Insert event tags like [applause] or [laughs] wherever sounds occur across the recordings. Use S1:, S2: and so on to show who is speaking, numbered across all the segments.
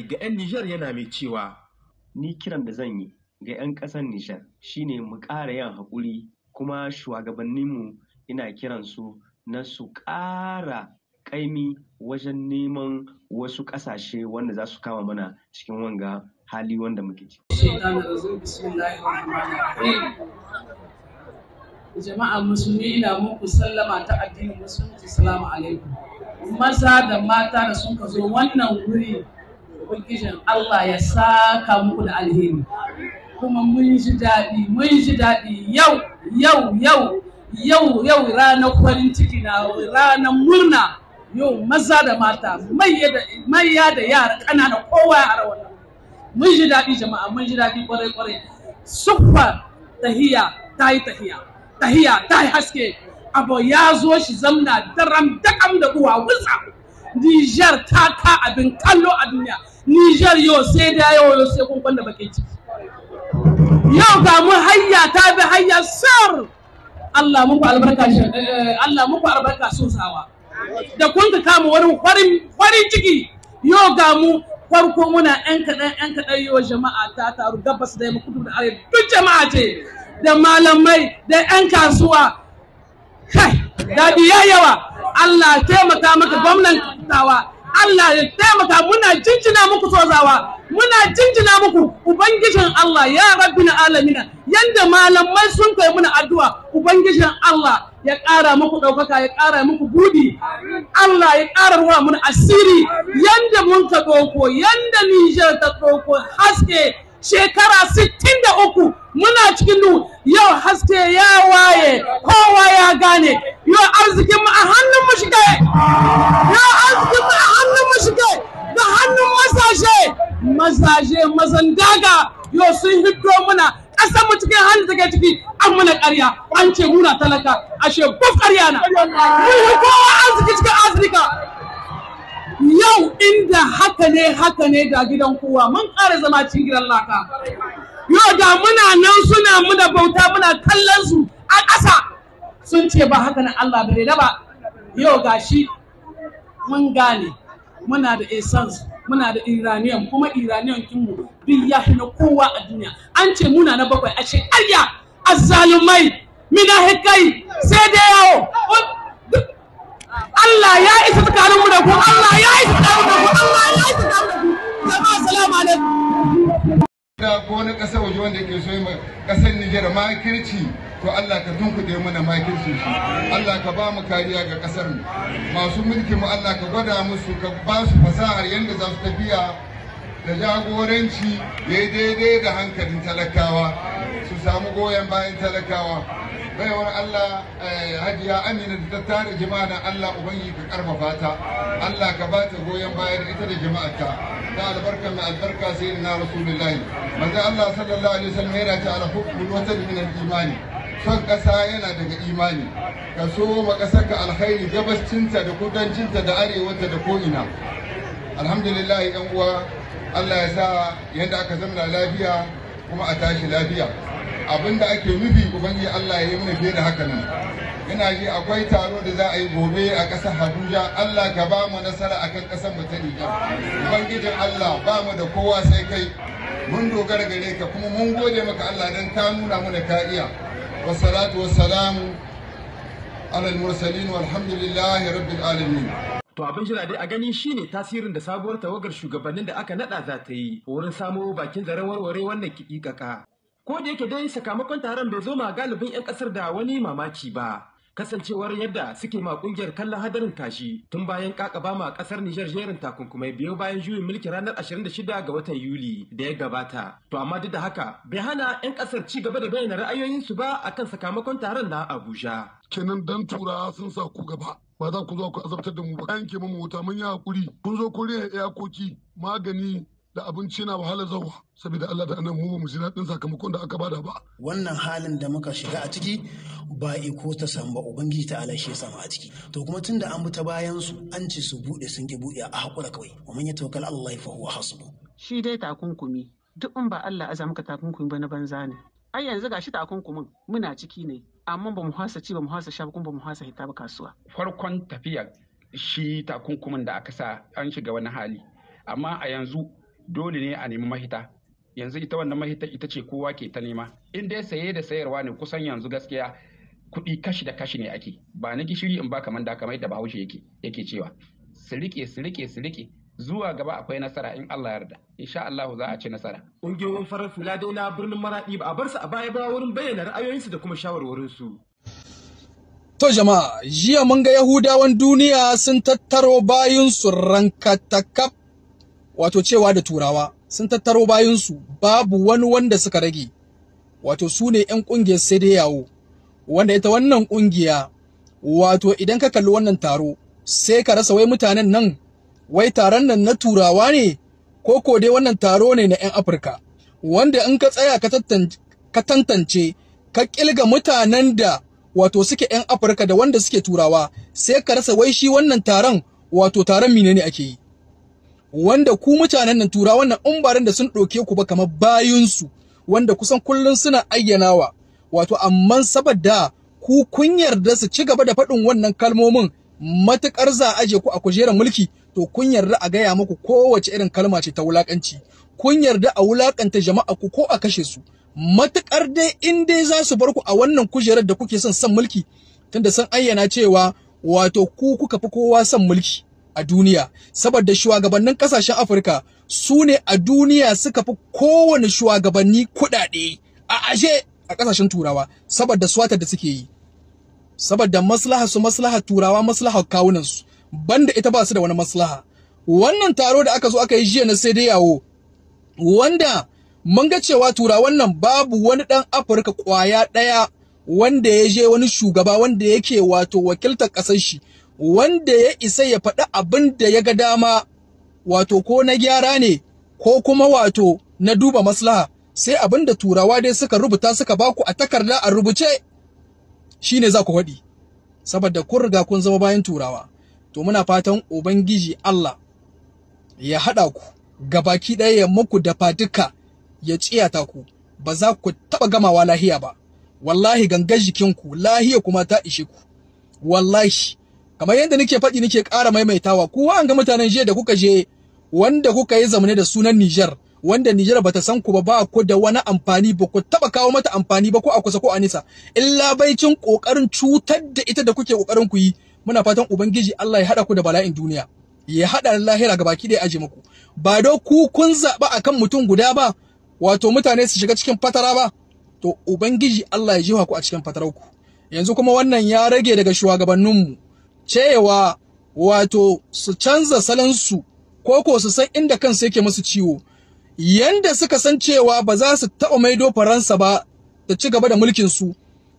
S1: yi ga 'yan Nijar yana mai cewa. Ni kiran da zan yi ga 'yan ƙasar Nijar shine mu ƙara yin haƙuri kuma shugabanninmu ina kiran su na su ƙara ƙaimi wajen neman wasu ƙasashe wanda za su kama mana cikin wanga hali wanda muke ci.
S2: Jama'a musulmi na muku sallama ta addinin musulunci salamu alaikum. Maza da mata da sun ka zo wannan wuri ubangijin Allah ya saka muku da alheri kuma mun ji daɗi mun ji daɗi yau yau yau yau yau ranar farin ciki na ranar murna yau maza da mata manya da yara ƙanana kowa a rawar mun ji daɗi jama'a mun ji daɗi kwarai kwarai suffa tahiya ta yi tahiya tahiya ta yi haske abu ya zo shi zamna daram dakam da uwa wutsa Nijar ta abin kallo a duniya Nijar yau sai da yau yau sai kun kwanda bakin ciki. Yau ga mu hayya ta bi hayya sar. Allah muku albarka eh, Allah muku albarka sun sawa. Da kun ka kama wani farin ciki yau ga mu farko muna yan kaɗan ɗan kaɗan yau jama'a ta taru gabas da yamma kudu da arewa duk jama'a ce da malamai da ɗan kasuwa kai daɗi ya yawa Allah taimaka maka gwamnan tawa Allah ya taimaka muna jinjina muku sozawa muna jinjina muku ubangijin Allah ya rabbi na alamina yanda malamai sun kai muna addu'a ubangijin Allah ya ƙara muku ɗaukaka ya ƙara muku budi Allah ya ƙara ruwa muna asiri yanda mun ta ɗauko yanda Nijar ta ɗauko haske shekara 63 muna cikin duhu yau haske ya waye kowa ya gane yau arzikin mu a hannun mu shige yau arzikin mu a hannun mu shige da hannun masashe masashe mazan daga yau sun hiddo muna ƙasar mu cikin hannun take ciki an muna ƙarya an ce muna talaka ashe ko ƙarya na mun kowa arziki cikin afirka yau inda haka ne haka ne da gidan kowa mun ƙara zama cikin gidan laka yau da muna nan suna muna bauta muna kallon su a ƙasa sun ce ba haka na Allah bare da ba yau gashi mun gane muna da essence muna da iranian kuma iranian kinmu bin ya fi na kowa a duniya an ce muna na bakwai a ce arya azzalumai mina hekai sai da yawo Allah ya isa tsakanin da ku Allah ya isa tsakanin da ku Allah
S3: ya isa tsakanin da ku jama'a assalamu alaikum da ko wani ƙasa waje wanda ke so ma ƙasar Nijar makirci to Allah ka tunkuɗe mana makirci Allah ka ba mu kariya ga ƙasar mu masu mulki mu Allah ka gwada musu ka ba su fasahar yadda za su tafiya da jagoranci ya daidai da hankalin talakawa su samu goyon bayan talakawa baiwar Allah eh, hajiya amina da ta jama'a na Allah ubangi ka karfafa ta Allah ka bata goyon baya da ita da jama'a ta da albarka mai albarka sai na rasulullahi manzo Allah sallallahu alaihi wasallam yana ta ala hukmul min al-imani son kasa yana daga imani ka so ma kasar ka alkhairi gabascinta da kudancinta da arewata da ko'ina alhamdulillah yan uwa Allah ya sa yadda aka zamna lafiya kuma a tashi lafiya Abin da ake nufi ubangi Allah ya yi mana fiye da haka nan ina ji akwai taro da za a yi gobe a ƙasar Habuja Allah ka ba mu nasara akan ƙasar mu ta ubangijin Allah ba mu da kowa sai kai mun dogara gare ka kuma mun gode maka Allah dan ka nuna mana ka iya wa salamu ala al-mursalin walhamdulillahi rabbil alamin To abin jira dai a gani shine tasirin da sabuwar tawagar
S4: shugabannin da aka nada za ta yi wurin samo bakin zaren warware wannan kikikaka. ko da yake dai sakamakon taron bai zo ma galibin 'yan kasar da wani mamaki ba kasancewar yadda suke ma kungiyar kallon hadarin kashi tun bayan kakaba ma kasar Nijar jerin takunkumai biyo bayan juyin mulki ranar 26 ga watan Yuli da ya gabata. To amma duk da haka bai hana 'yan kasar
S3: ci gaba da bayyana ra'ayoyinsu ba akan sakamakon taron na Abuja. Kenan dan turawa sun sa ku gaba. Ba za ku zo ku azabtar da mu ba. Yanke mu wuta mun yi hakuri. Kun zo ku riya iyakoki magani da abinci na wahalar zauwa saboda Allah da anan mu ba mu ji daɗin sakamakon da aka bada ba. Wannan halin da muka shiga a ciki ba iko ta san ba Ubangiji ta Allah shi ya
S1: samu a ciki. To kuma tunda an bi ta bayan su an ci su buɗe sun ki buɗe a haƙura kawai. Wa man yatawakkal Allah fa huwa hasbu.
S2: Shi dai takunkumi duk in ba Allah aza maka takunkumi ba na banza ne.
S1: Ai yanzu gashi takunkumin muna ciki ne amma ba mu hasa ci ba mu hasa sha kuma ba mu hasa hita ba kasuwa.
S4: Farkon tafiyar shi takunkumin da aka sa an shiga wani hali amma a yanzu dole ne a nemi mahita yanzu ita wannan mahita ita ce kowa ke ta nema in dai saye da sayarwa ne kusan yanzu gaskiya kuɗi kashi da kashi ne ake ba na gishiri in ba kamar da kamar yadda bahaushe yake yake cewa su rike su zuwa gaba akwai nasara in Allah yarda insha Allah za a ci nasara ungiyoyin farar fula dai na birnin maradi ba a bar
S1: su a baya ba wurin bayyana ra'ayoyinsu da kuma su
S4: To jama'a, jiya mun ga Yahudawan duniya sun tattaro bayin su rankatakaf wato cewa da turawa sun tattaro bayansu babu wani wanda suka rage wato su ne 'yan ƙungiyar sai dai yawo wanda ita wannan ƙungiya wato idan ka kalli wannan taro sai ka rasa wai mutanen nan wai taron nan na turawa ne ko ko dai wannan taro ne na 'yan afirka wanda in ka tsaya ka tantance ka ƙilga mutanen da wato suke 'yan afirka da wanda suke turawa sai ka rasa wai shi wannan taron wato taron menene ne ake yi wanda ku mutanen nan tura wannan umbaran da sun ɗauke ku ba kamar bayinsu wanda kusan kullum suna ayyanawa wato amma saboda ku kun yarda su ci gaba da faɗin wannan kalmomin matukar za aje ku a kujerar mulki to kun yarda a gaya muku kowace irin kalma ce ta wulakanci kun yarda a wulakanta jama'a ku ko a kashe su matukar dai in dai za su bar ku a wannan kujerar da kuke son son mulki tunda san ayyana cewa wato ku kuka fi kowa son mulki a duniya saboda shugabannin kasashen afirka su ne a duniya suka fi kowane shugabanni kuɗaɗe a ashe a kasashen turawa saboda swatar da suke yi saboda maslaha su maslaha turawa maslaha kawunan su banda ita ba su da wani maslaha wannan taro da aka zo aka yi jiya na sai dai yawo wanda mun ga cewa turawan nan babu wani dan afirka kwaya daya wanda ya je wani shugaba wanda yake wato wakiltar ƙasar shi wanda ya isa ya faɗi abin da ya ga dama wato ko na gyara ne ko kuma wato na duba maslaha sai abin da turawa dai suka rubuta suka baku a takarda a rubuce shine za ku faɗi saboda kun riga kun zama bayan turawa to muna fatan ubangiji Allah ya haɗa ku gabaki ɗaya ya muku da duka ya tsiyata ku ba za ku taɓa gamawa lahiya ba wallahi gangar jikinku lahiya kuma ta ishe ku wallahi kamar yadda nake faɗi nake ƙara maimaitawa kuwa an ga mutanen je da kuka je wanda kuka yi zamane da sunan Niger wanda Niger bata san ku ba ba ku da wani amfani ba ku taba kawo mata amfani ba ko a kusa ko a nisa illa baicin kokarin cutar da ita da kuke kokarin ku yi muna fatan ubangiji Allah ya hada ku da bala'in duniya ya hada lahira ga baki da aje muku ba do ku kun zaba akan mutum guda ba wato mutane su shiga cikin fatara ba to ubangiji Allah ya jiwa ku a cikin fatarar ku yanzu kuma wannan ya rage daga shugabanninmu cewa wato su canza salansu ko ko su san inda kansu yake musu ciwo yanda suka san cewa ba za su taɓa maido faransa ba da ci gaba da mulkin su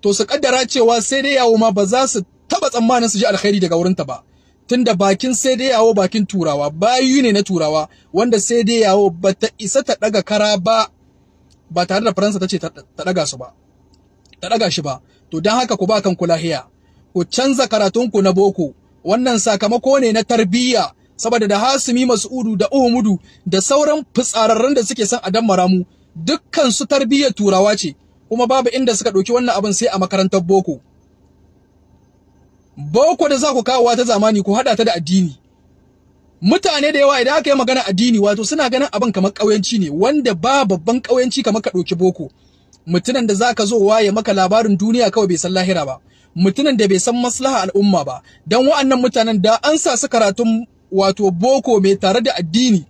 S4: to su kaddara cewa sai dai yawo ma ba za su taɓa tsammanin su ji alkhairi daga wurinta ba tunda bakin sai dai yawo bakin turawa bayu ne na turawa wanda sai dai yawo ba ta isa ta ɗaga kara ba ba tare da faransa ta ce ta ɗaga su ba ta ɗaga shi ba to don haka ku ba kan lahiya? ku canza karatunku na boko wannan sakamako ne na tarbiyya saboda da Hasimi udu da Uhumudu da sauran fitsararren da suke son a maramu dukkan su tarbiyyar turawa ce kuma babu inda suka ɗauki wannan abin sai a makarantar boko boko da za ku kawowa ta zamani ku haɗa ta da addini mutane da yawa idan aka yi magana addini wato suna ganin abin kamar ƙauyenci ne wanda ba babban ƙauyenci kamar ka ɗauki boko mutumin da za ka zo waye maka labarin duniya kawai bai san lahira ba mutumin da bai san maslaha al'umma ba don wa'annan mutanen da an sa su karatun wato boko mai tare da addini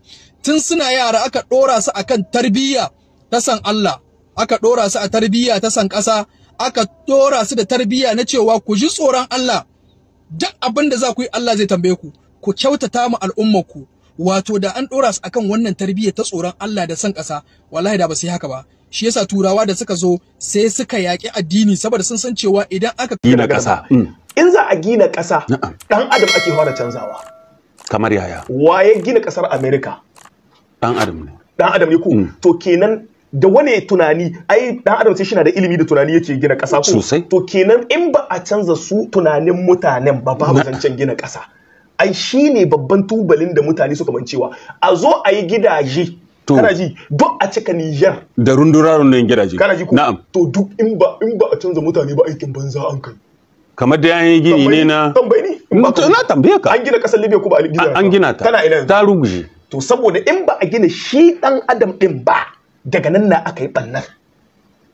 S4: tun suna yara aka ɗora su akan tarbiyya ta san Allah aka ɗora su a tarbiyya ta san ƙasa aka ɗora su da tarbiyya na cewa ku ji tsoron Allah duk abin da za ku yi Allah zai tambaye ku ku kyautata mu ku. wato da an ɗora su akan wannan tarbiyya ta tsoron Allah da san ƙasa wallahi da ba su yi haka ba shi yasa turawa da suka zo sai suka yaƙi addini saboda sun san cewa idan aka gina ƙasa mm. in za a gina
S1: ƙasa dan adam ake fara canzawa kamar yaya waye gina ƙasar america dan adam ne dan adam ne ku mm. to kenan da wane tunani ai dan adam sai shi na da ilimi da tunani yake gina ƙasa ko to kenan in ba a canza su tunanin mutanen ba babu zancen gina ƙasa ai shine babban tubalin da mutane suka mancewa a zo a yi gidaje kana ji duk a cika niyyar da rundura rundunar gidaje kana ji ko na'am to duk in ba in ba a canza mutane ba aikin banza an kai
S5: kamar da yayin gini ne na
S1: tambayi ni na tambaye ka an gina kasar Libya ko ba a gina an gina ta tana ina ta ruguje to saboda in ba a gina shi dan adam din ba daga nan na aka yi bannar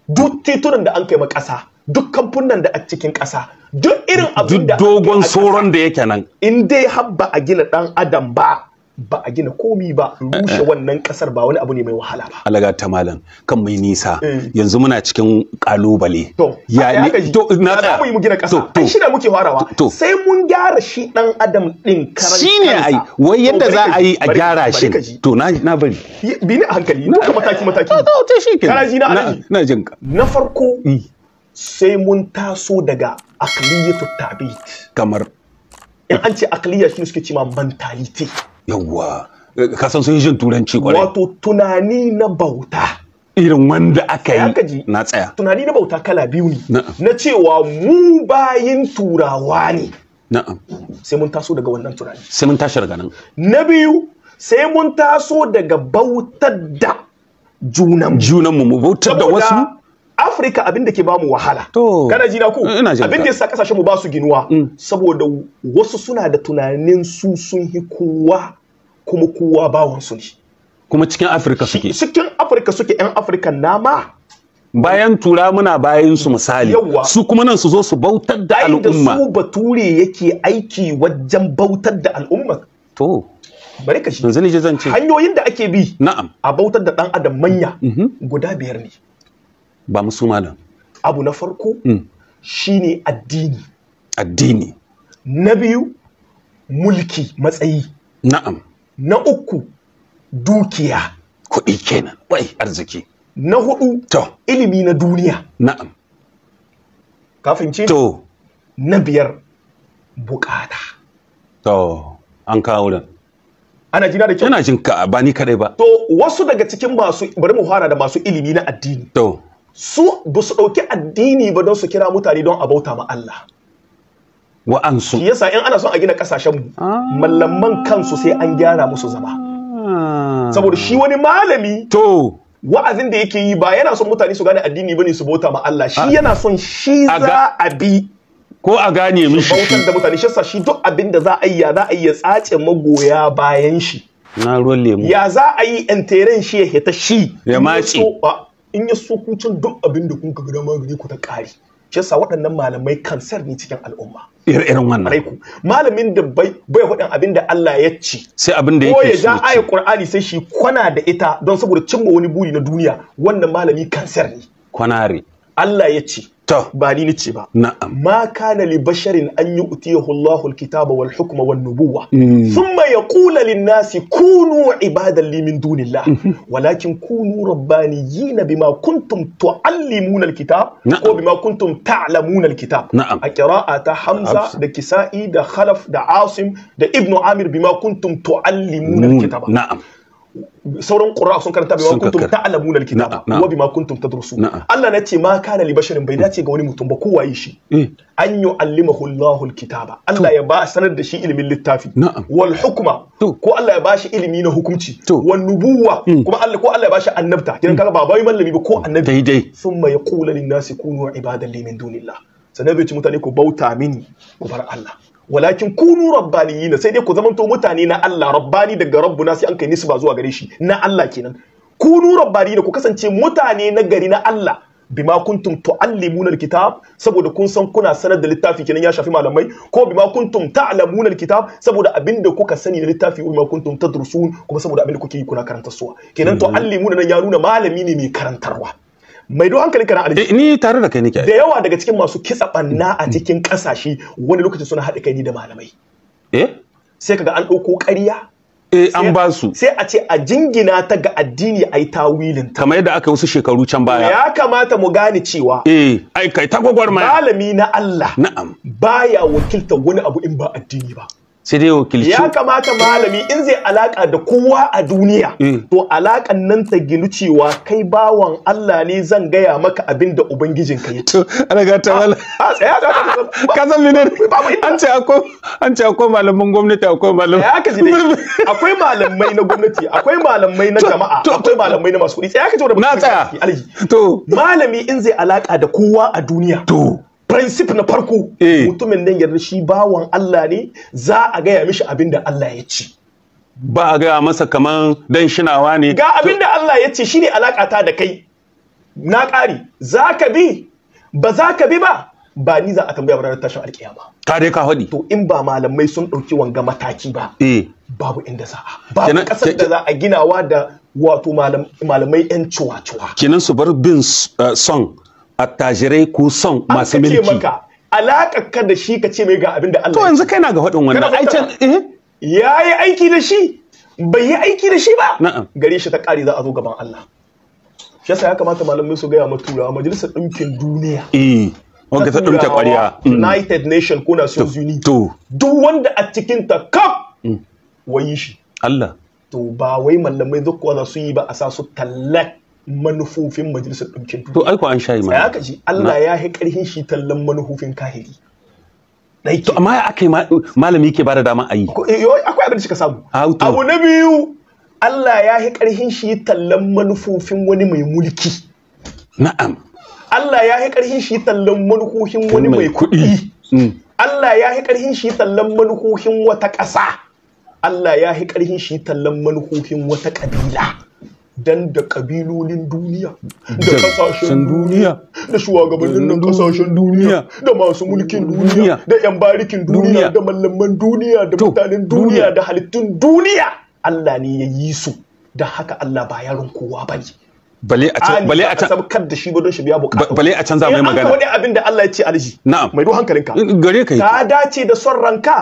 S1: duk titunan da an kai ma ƙasa duk kamfunan da a cikin ƙasa duk irin abin da duk dogon soron da yake nan in dai habba a gina dan adam ba ba a gina komi ba rushe eh, eh. wannan kasar ba wani abu ne mai wahala ba
S5: alaga ta malam kan mai nisa eh. yanzu muna cikin
S1: kalubale to ya to na da mu gina kasa ai shi da muke farawa sai mun gyara shi dan adam din shi ne ai wai yadda za a yi a gyara shi to na na bari bi ni a hankali ka mataki mataki to to shi kenan na na ka na farko sai mun taso daga akliyatu tabit kamar in an ce akliya shi suke cewa mentality yawwa ka san sun jin turanci kwarai wato tunani na bauta irin wanda aka yi na tsaya tunani na bauta kala biyu ne na cewa mu bayin turawa ne na'am sai mun taso daga wannan tunani sai mun tashi daga nan na biyu sai mun taso daga bautar da junan junan mu bautar da wasu Afrika abin da ke bamu wahala. To. Kana ji na ku? Abin da yasa kasashen mu ba su ginuwa mm. saboda wasu suna da tunanin su sun hi kowa kuma kowa bawon su ne.
S5: Kuma cikin Afirka suke.
S1: Cikin Afrika suke ƴan Afirka nama. bayan tura muna bayan su misali
S5: su kuma nan su zo su bautar da al'umma da su
S1: bature yake aiki wajen bautar da al'umma to bari ka shi yanzu zan ce hanyoyin da ake bi na'am a bautar da dan adam manya mhm. guda biyar ne ba malam. abu na farko mm. shine addini addini na biyu mulki matsayi na'am na uku dukiya kuɗi kenan wai arziki na hudu to ilimi na duniya na'am kafin ce to na biyar bukata
S5: to an kawo da ana jina da kyau yana jin ka ba ni kadai ba
S1: to wasu daga cikin masu bari mu fara da masu ilimi na addini to su ba su ɗauki addini ba don su kira mutane don a bauta ma Allah wa'ansu shi yasa in ana son a gina kasashen mallaman ah. kansu sai an gyara musu zama saboda shi wani malami to wa'azin da yake yi ba yana son mutane su gane addini ba ne su bauta ma Allah shi yana son shi za a bi ko a gane mishi bautar da mutane shi yasa shi duk abin da za a yi ya za a yi tsace magoya bayan shi
S5: na ruwan lemu
S1: ya za a yi teren shi ya hita shi ya mace in ya so kucin duk abin da kuka ka dama ku ta ƙari shi yasa waɗannan malamai kansar ne cikin al'umma
S5: irin wannan
S1: malamin da bai bai faɗin abin da Allah ya ci sai abin da yake so ya ja aya Qur'ani sai shi kwana da ita don saboda cimma wani buri na duniya wannan malami kansar ne kwanare Allah ya ce ba ni nace ba na'am ma kana li basharin an yu'tiyahu Allahu al-kitaba wal hukma wan nubuwa mm. thumma yaqulu lin nasi kunu ibadan li min dunillah mm-hmm. walakin kunu rabbaniyina bima kuntum tuallimuna al-kitab ko bima kuntum ta'lamuna al a qira'a ta Hamza da Kisa'i da Khalaf da Asim da ibnu Amir bima kuntum tuallimuna al na'am sauran ƙura sun karanta bai wa kuntum ta'lamuna alkitaba wa bima kuntum tadrusun Allah na ce ma kana li basharin bai dace ga wani mutum ba kowa yi shi eh. an yu'allimahu Allahu alkitaba Allah ya ba sanar da shi ilimin littafi wal hukma ko Allah ya ba shi ilimi na hukunci wal nubuwa hmm. kuma Allah ko Allah ya ba shi annabta kiran hmm. kaga ba mallami ba ko annabi daidai thumma yaqulu lin nasi kunu ibadan li min dunillah sanabi bai ci mutane ku bauta mini ku bar Allah walakin kunu na sai dai ku zamanto mutane na Allah rabbani daga rabbuna sai an kai nisba zuwa gare shi na Allah kenan kunu da ku kasance mutane na gari na Allah bima kuntum tuallimuna alkitab saboda kun san kuna sanar da littafi kenan ya shafi malamai ko bima kuntum ta'lamuna alkitab saboda abinda kuka sani da littafi bima kuntum tadrusun kuma saboda abinda kuke yi kuna suwa. kenan hmm. tuallimuna nan ya nuna malami ne mai karantarwa mai don hankali kana arziki eh, ni tare da kai nake da yawa daga cikin masu kitsa banna a mm-hmm. cikin kasashe wani lokaci suna haɗa kai ni da malamai eh sai kaga an ɗauko ƙarya eh an ba su sai a ce a jingina ta ga addini ai tawilin ta kamar yadda aka wasu shekaru can baya ya kamata mu gane cewa eh ai kai ta gwagwarmaya malami na Allah na'am baya wakiltar wani abu in ba addini ba
S5: sai dai wakilci ya
S1: kamata malami in zai alaka da kowa a duniya eh. to alakan nan ta ginu cewa kai bawan Allah ne zan gaya maka abin da ubangijin ka yi to ana ga ta ah, wala ah, [laughs] ka san menene an ce akwai an ce akwai malaman gwamnati akwai malamai ya dai [laughs] akwai malamai na gwamnati akwai malamai na jama'a akwai malamai na masu kuɗi sai ka ce da na tsaya to malami in zai alaka da kowa a duniya to princip na farko eh. mutumin nan yarda shi bawan Allah ne za a gaya mishi abin da Allah ya ce ba a gaya masa kaman dan shinawa ne ga abin Allah ya ce shine ta da kai na ƙari za ka bi ba za ka bi ba ba ni za a tambaya ba tashin alkiyama ka dai ka faɗi to in ba malamai sun ɗauki wanga mataki ba eh. babu inda za a babu ƙasar da za a ginawa da wato malamai yan cuwa-cuwa
S5: kenan su bar bin eh, son
S1: attajirai
S5: ko son masu mulki
S1: alakar ka da shi ka ce mai ga abin da Allah to yanzu kai na ga hadin wannan ai can eh yayi aiki da shi bai yi aiki da shi ba na'am gare shi ta kare za a zo gaban Allah shi yasa ya kamata malamin su gaya maturawa majalisar ɗinkin duniya eh wanda ta dinka kwariya mm. United Nation ko Nations Union. To. Duk wanda a cikin ta ka mm. wayi shi. Allah. To ba wai mallamai duk wanda sun yi ba a sa su tallak manufofin majalisar ɗinkin duniya. To
S5: aiko an shayi ma. Tsaya ji Allah ya
S1: yi ƙarhin shi tallan manufofin kahiri. To amma ya aka yi
S5: malami ke bada dama a yi.
S1: Eh, akwai abin da suka samu. Abu na biyu Allah ya yi ƙarhin shi tallan manufofin wani mai mulki. Na'am. Allah ya yi ƙarhin shi tallan manufofin wani mai kuɗi. Mm. Allah ya yi ƙarhin shi tallan manufofin wata ƙasa. Allah ya yi ƙarhin shi tallan manufofin wata ƙabila. dan da kabilolin duniya da kasashen duniya da shugabannin nan kasashen duniya da masu mulkin duniya da yan barikin duniya da mallaman duniya da mutanen duniya da halittun duniya Allah ne ya yi su da haka Allah ba yaron kowa ne. bale a can bale a can sabkar da shi ba don shi biya bukata bale a can za yi eh, magana wani abin da Allah ya ce alji na'am mai do hankalinka eh, gare ka ka dace da son ranka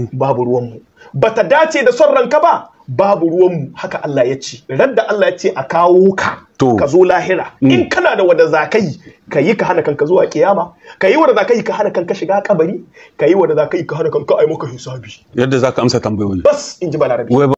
S1: eh. babu ruwan mu bata dace da son ranka ba babu ruwanmu haka Allah ya ce radda Allah ya ce a kawo ka ka zo lahira mm. in kana da wanda za ka yi ka yi ka hana kanka zuwa kiyama ka yi wanda za ka yi ka hana kanka shiga kabari ka yi wanda za ka yi ka hana kanka ai maka hisabi
S5: yadda za ka amsa tambayoyi bas
S1: in ji balarabi